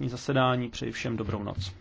dnešní zasedání. Přeji všem dobrou noc.